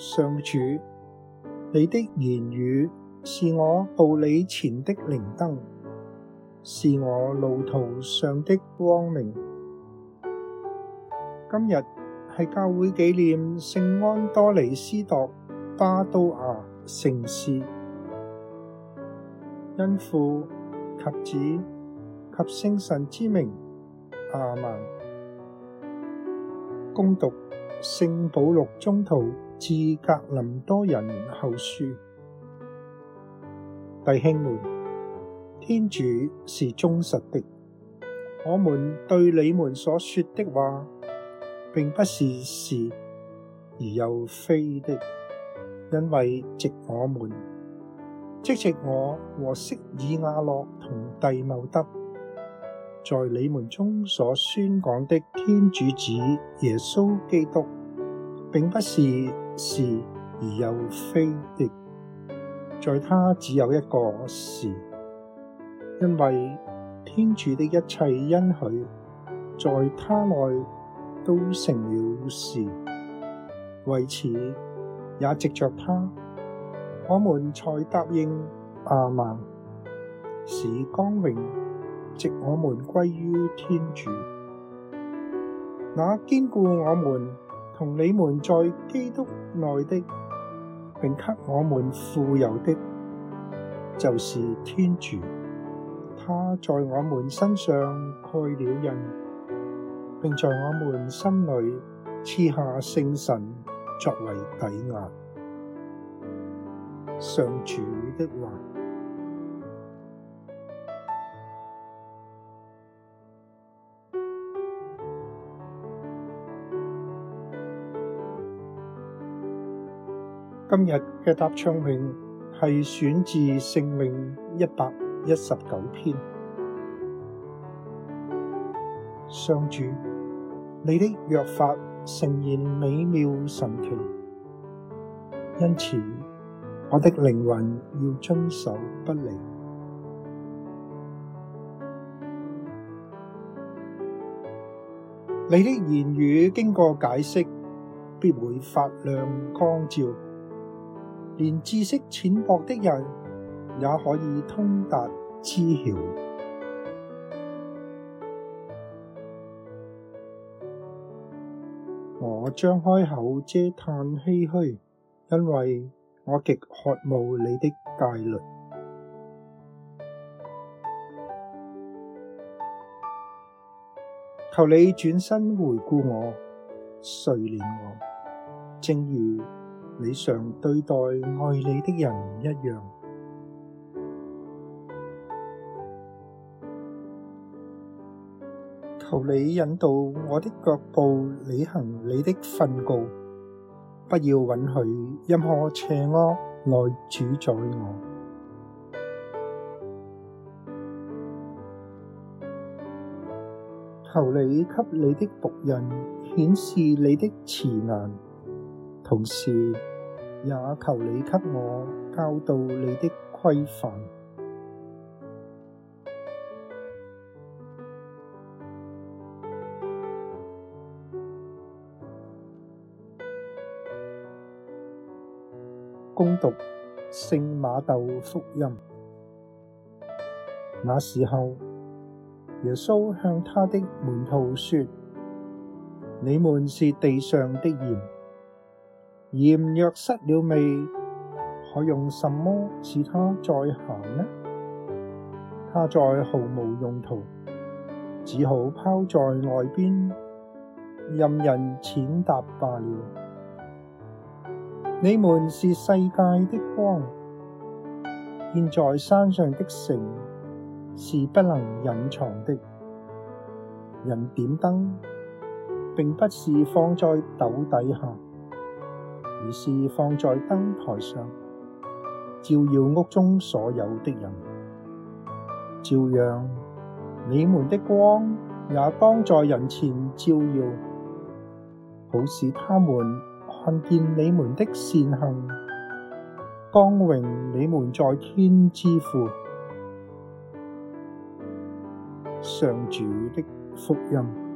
上主，你的言語是我步履前的靈燈，是我路途上的光明。今日係教會紀念聖安多尼司鐸巴都亞聖師。因父及子及聖神之名，阿曼。恭讀。聖保祿宗徒致格林多人後書，弟兄們，天主是忠實的，我們對你們所說的話，並不是是而又非的，因為藉我們，即藉我和息耳瓦諾同弟茂德。在你們中所宣講的天主子耶穌基督，並不是是而又非的，在他只有一個是，因為天主的一切恩許在他內都成了是，為此也藉着他，我們才答應亞孟，使光榮，藉我們歸於天主，那堅固我們同你們在基督內的，並給我們傅油的，就是天主。他在我們身上蓋了印，並在我們心裏賜下聖神作為抵押。上主的話。今日嘅答唱詠係選自聖詠一百一十九篇。上主，你的約法誠然美妙神奇，因此我的靈魂要遵守不離。你的言語經過解釋，必會發亮光照。連知識淺薄的人也可以通達知曉。我張開口嗟嘆唏噓，因為我極渴慕你的誡律。求你轉身回顧我，垂憐我，正如，你常對待愛你的人一樣。求你引導我的腳步，履行你的訓誥，不要允許任何邪惡來主宰我。求你給你的僕人顯示你的慈顏。同時也求你給我教導你的規範。恭讀聖瑪竇福音。那時候，耶穌向他的門徒説：你們是地上的鹽。鹽若失了味，可用什麼使它再鹹呢？它再毫無用途，只好拋在外邊，任人踐踏罷了。你們是世界的光，建在山上的城是不能隱藏的。人點燈，並不是放在斗底下。而是放在燈檯上，照耀屋中所有的人，照樣，你們的光也當在人前照耀，好使他們看見你們的善行，光榮你們在天之父。上主的福音。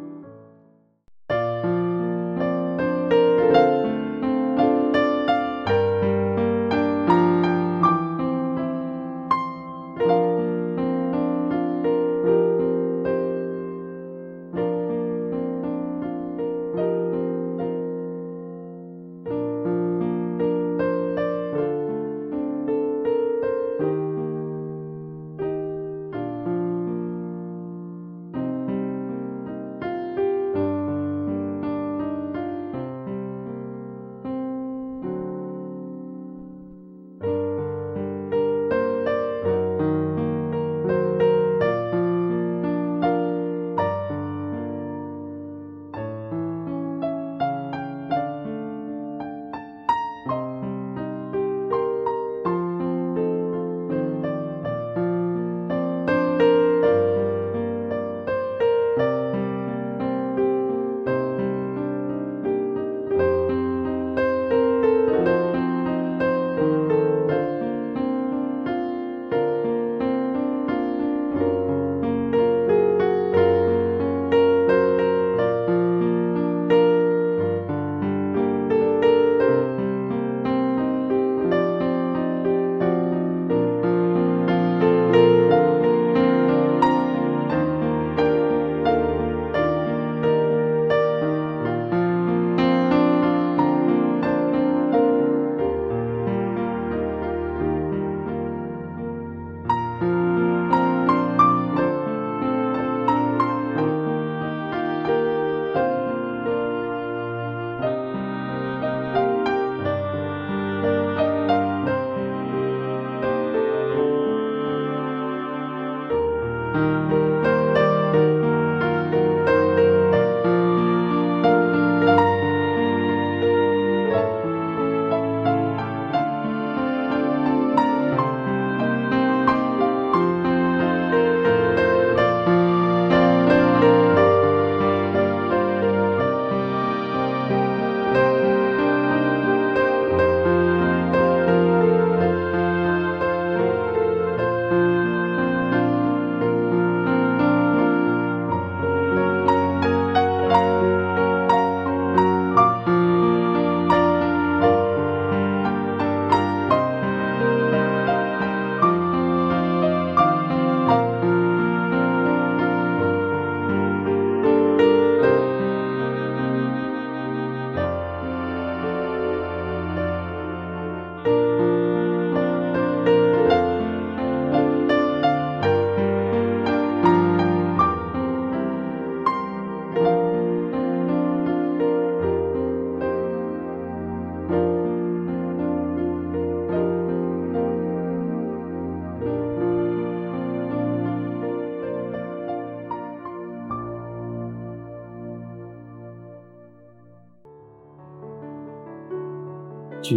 主，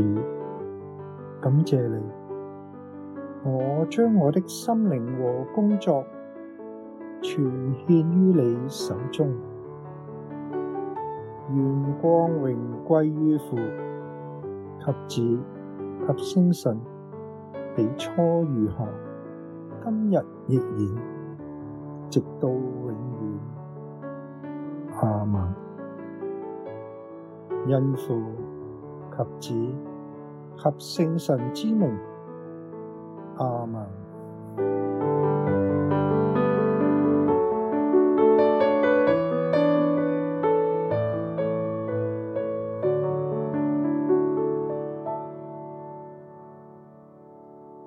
感謝你，我將我的心靈和工作全獻於你手中，願光榮歸於父及子及聖神，起初如何，今日亦然，直到永遠。阿們。因父。及子，及聖神之名，阿門。